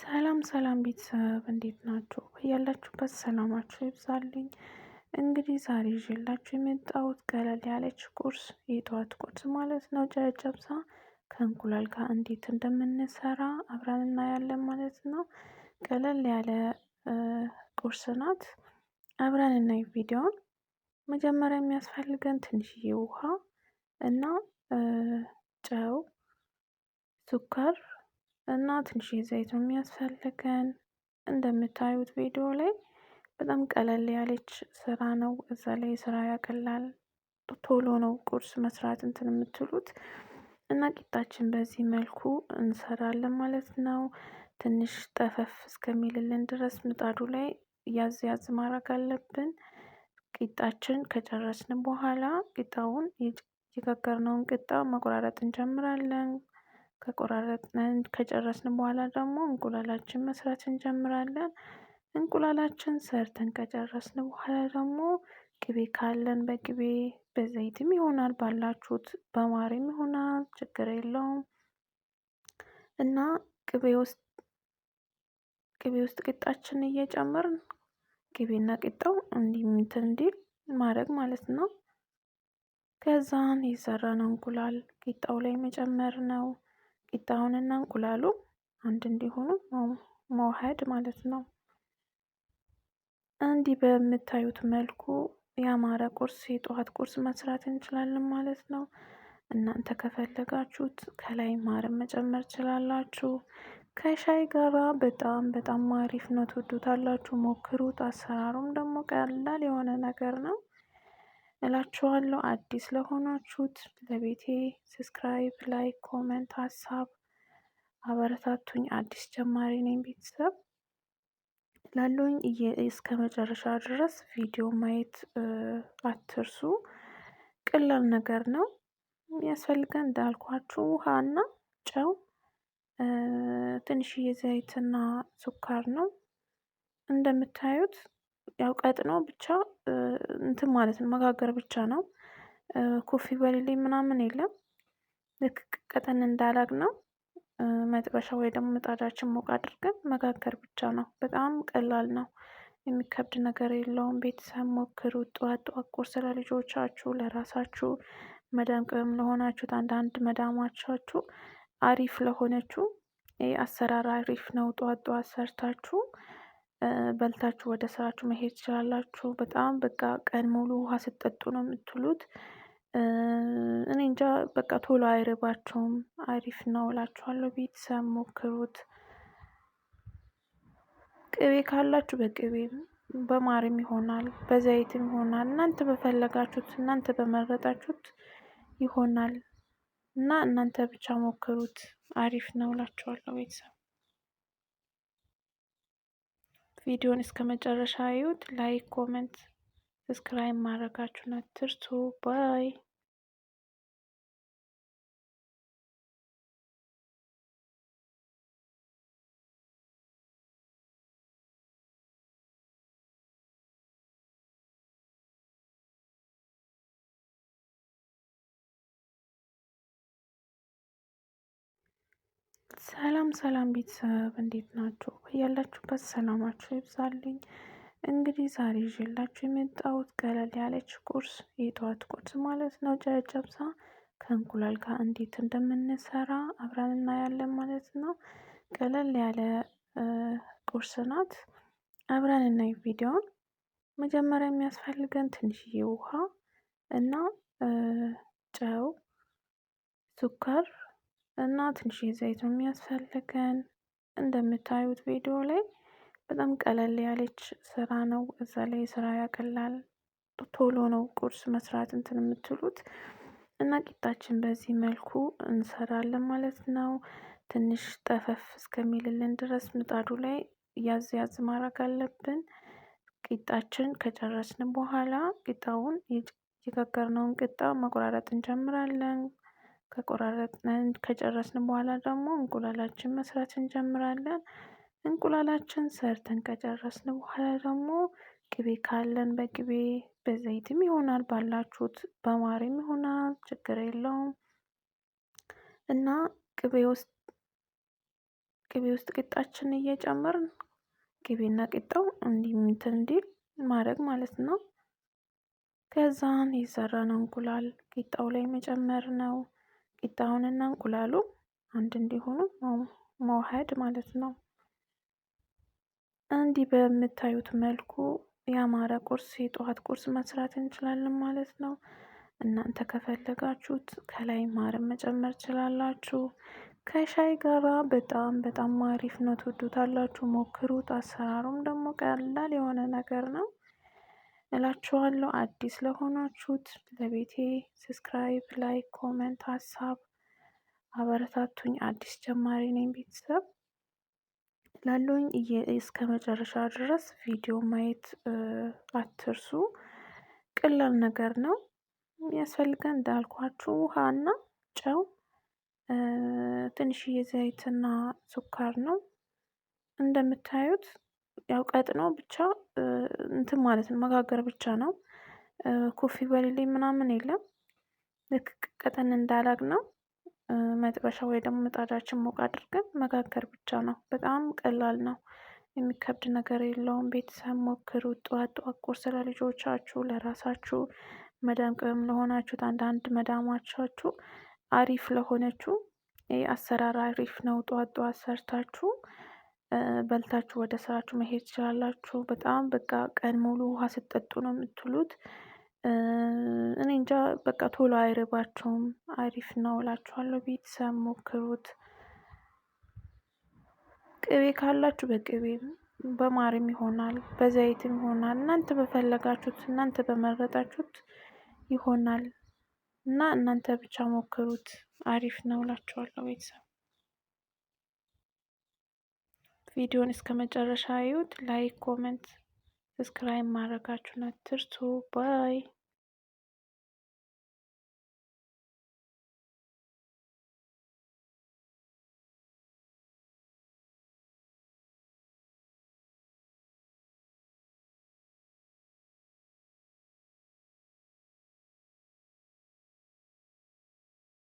ሰላም ሰላም ቤተሰብ እንዴት ናችሁ? ያላችሁበት ሰላማችሁ ይብዛልኝ። እንግዲህ ዛሬ ይዤላችሁ የመጣሁት ቀለል ያለች ቁርስ የጠዋት ቁርስ ማለት ነው። ጨጨብሳ ከእንቁላል ጋር እንዴት እንደምንሰራ አብረን እናያለን ማለት ነው። ቀለል ያለ ቁርስ ናት። አብረን እናይ ቪዲዮን። መጀመሪያ የሚያስፈልገን ትንሽዬ ውሃ እና ጨው፣ ሱካር እና ትንሽ ዘይት ነው የሚያስፈልገን። እንደምታዩት ቪዲዮ ላይ በጣም ቀለል ያለች ስራ ነው። እዛ ላይ ስራ ያቀላል። ቶሎ ነው ቁርስ መስራት እንትን የምትሉት እና ቂጣችን በዚህ መልኩ እንሰራለን ማለት ነው። ትንሽ ጠፈፍ እስከሚልልን ድረስ ምጣዱ ላይ ያዝ ያዝ ማድረግ አለብን። ቂጣችን ከጨረስን በኋላ ቂጣውን የጋገርነውን ቂጣ መቆራረጥ እንጀምራለን። ከቆራረጥን ከጨረስን በኋላ ደግሞ እንቁላላችን መስራት እንጀምራለን። እንቁላላችን ሰርተን ከጨረስን በኋላ ደግሞ ቅቤ ካለን በቅቤ በዘይትም ይሆናል ባላችሁት በማርም ይሆናል ችግር የለውም። እና ቅቤ ውስጥ ቅቤ ውስጥ ቂጣችን እየጨመርን ቅቤና ቂጣው እንዲህ እንዲል ማድረግ ማለት ነው። ከዛን የሰራነው እንቁላል ቂጣው ላይ መጨመር ነው ቂጣውንና እንቁላሉ አንድ እንዲሆኑ መውሀድ ማለት ነው። እንዲህ በምታዩት መልኩ ያማረ ቁርስ የጠዋት ቁርስ መስራት እንችላለን ማለት ነው። እናንተ ከፈለጋችሁት ከላይ ማርን መጨመር ትችላላችሁ። ከሻይ ጋራ በጣም በጣም አሪፍ ነው፣ ትወዱታላችሁ፣ ሞክሩት። አሰራሩም ደግሞ ቀላል የሆነ ነገር ነው። እላችኋለሁ። አዲስ ለሆናችሁት ለቤቴ ሰብስክራይብ፣ ላይክ፣ ኮመንት፣ ሀሳብ አበረታቱኝ። አዲስ ጀማሪ ነኝ ቤተሰብ ላለሁኝ እስከ መጨረሻ ድረስ ቪዲዮ ማየት አትርሱ። ቀላል ነገር ነው። የሚያስፈልገን እንዳልኳችሁ ውሃና ጨው፣ ትንሽዬ ዘይትና ስኳር ነው። እንደምታዩት ያው ቀጥ ነው ብቻ እንትን ማለት ነው መጋገር ብቻ ነው። ኮፊ በሌሌ ምናምን የለም። ልክ ቀጠን እንዳላግ ነው መጥበሻ ወይ ደግሞ ምጣዳችን ሞቅ አድርገን መጋገር ብቻ ነው። በጣም ቀላል ነው። የሚከብድ ነገር የለውም። ቤተሰብ ሞክሩት። ጠዋት ጠዋት ቁርስ ለልጆቻችሁ፣ ለራሳችሁ፣ መዳም ቅመም ለሆናችሁት አንዳንድ መዳማቻችሁ አሪፍ ለሆነችው አሰራር አሪፍ ነው። ጠዋት ጠዋት ሰርታችሁ በልታችሁ ወደ ስራችሁ መሄድ ትችላላችሁ። በጣም በቃ ቀን ሙሉ ውሃ ስትጠጡ ነው የምትውሉት። እኔ እንጃ በቃ ቶሎ አይርባችሁም አሪፍ ነው እላችኋለሁ። ቤተሰብ ሞክሩት። ቅቤ ካላችሁ በቅቤም በማርም ይሆናል በዘይትም ይሆናል እናንተ በፈለጋችሁት እናንተ በመረጣችሁት ይሆናል። እና እናንተ ብቻ ሞክሩት አሪፍ ነው እላችኋለሁ ቤተሰብ ቪዲዮን እስከ መጨረሻ አዩት ላይክ፣ ኮመንት፣ ሰብስክራይብ ማድረጋችሁን አትርሱ። ባይ ሰላም ሰላም ቤተሰብ እንዴት ናችሁ? ያላችሁበት ሰላማችሁ ይብዛልኝ። እንግዲህ ዛሬ ይዤላችሁ የመጣሁት ቀለል ያለች ቁርስ የጠዋት ቁርስ ማለት ነው። ጨጨብሳ ከእንቁላል ጋር እንዴት እንደምንሰራ አብረን እናያለን ማለት ነው። ቀለል ያለ ቁርስ ናት። አብረን እናይ ቪዲዮን። መጀመሪያ የሚያስፈልገን ትንሽዬ ውሃ እና ጨው፣ ሱካር እና ትንሽ ዘይት ነው የሚያስፈልገን። እንደምታዩት ቪዲዮ ላይ በጣም ቀለል ያለች ስራ ነው። እዛ ላይ ስራ ያቀላል። ቶሎ ነው ቁርስ መስራት እንትን የምትሉት እና ቂጣችን በዚህ መልኩ እንሰራለን ማለት ነው። ትንሽ ጠፈፍ እስከሚልልን ድረስ ምጣዱ ላይ ያዝ ያዝ ማድረግ አለብን። ቂጣችን ከጨረስን በኋላ ቂጣውን የጋገርነውን ቂጣ መቆራረጥ እንጀምራለን። ከቆራረጥን ከጨረስን በኋላ ደግሞ እንቁላላችን መስራት እንጀምራለን። እንቁላላችን ሰርተን ከጨረስን በኋላ ደግሞ ቅቤ ካለን በቅቤ በዘይትም ይሆናል ባላችሁት በማርም ይሆናል ችግር የለውም። እና ቅቤ ውስጥ ቅቤ ውስጥ ቂጣችን እየጨመርን ቅቤና ቂጣው እንዲህ እንዲል ማድረግ ማለት ነው። ከዛን ነው እንቁላል ቂጣው ላይ መጨመር ነው ቂጣውንና እንቁላሉ አንድ እንዲሆኑ መውሀድ ማለት ነው። እንዲህ በምታዩት መልኩ ያማረ ቁርስ የጠዋት ቁርስ መስራት እንችላለን ማለት ነው። እናንተ ከፈለጋችሁት ከላይ ማርን መጨመር ትችላላችሁ። ከሻይ ጋራ በጣም በጣም አሪፍ ነው፣ ትወዱታላችሁ፣ ሞክሩት። አሰራሩም ደግሞ ቀላል የሆነ ነገር ነው። እላችኋለሁ። አዲስ ለሆናችሁት ለቤቴ ሰብስክራይብ፣ ላይክ፣ ኮመንት፣ ሀሳብ አበረታቱኝ። አዲስ ጀማሪ ነኝ ቤተሰብ ላለሁኝ እስከ መጨረሻ ድረስ ቪዲዮ ማየት አትርሱ። ቀላል ነገር ነው። የሚያስፈልገን እንዳልኳችሁ ውሃና ጨው፣ ትንሽዬ ዘይትና ስኳር ነው እንደምታዩት ያው ነው ብቻ እንትን ማለት ነው መጋገር ብቻ ነው። ኮፊ በሌሌ ምናምን የለም። ልክ ቀጠን እንዳላግ ነው መጥበሻ ወይ ደግሞ ምጣዳችን ሞቅ አድርገን መጋገር ብቻ ነው በጣም ቀላል ነው። የሚከብድ ነገር የለውም ቤተሰብ ሞክሩት ጠዋት ጠዋት ቁርስ ለልጆቻችሁ ለራሳችሁ መዳም ቅመም ለሆናችሁት አንዳንድ መዳማቻችሁ አሪፍ ለሆነችው አሰራር አሪፍ ነው። ጠዋት ጠዋት ሰርታችሁ በልታችሁ ወደ ስራችሁ መሄድ ትችላላችሁ። በጣም በቃ ቀን ሙሉ ውሃ ስትጠጡ ነው የምትሉት። እኔ እንጃ በቃ ቶሎ አይርባችሁም አሪፍ ነው እላችኋለሁ። ቤተሰብ ሞክሩት። ቅቤ ካላችሁ በቅቤም በማርም ይሆናል በዘይትም ይሆናል እናንተ በፈለጋችሁት እናንተ በመረጣችሁት ይሆናል። እና እናንተ ብቻ ሞክሩት አሪፍ ነው እላችኋለሁ ቤተሰብ ቪዲዮን እስከ መጨረሻ አዩት ላይክ፣ ኮመንት፣ ሰብስክራይብ ማድረጋችሁን አትርሱ። ባይ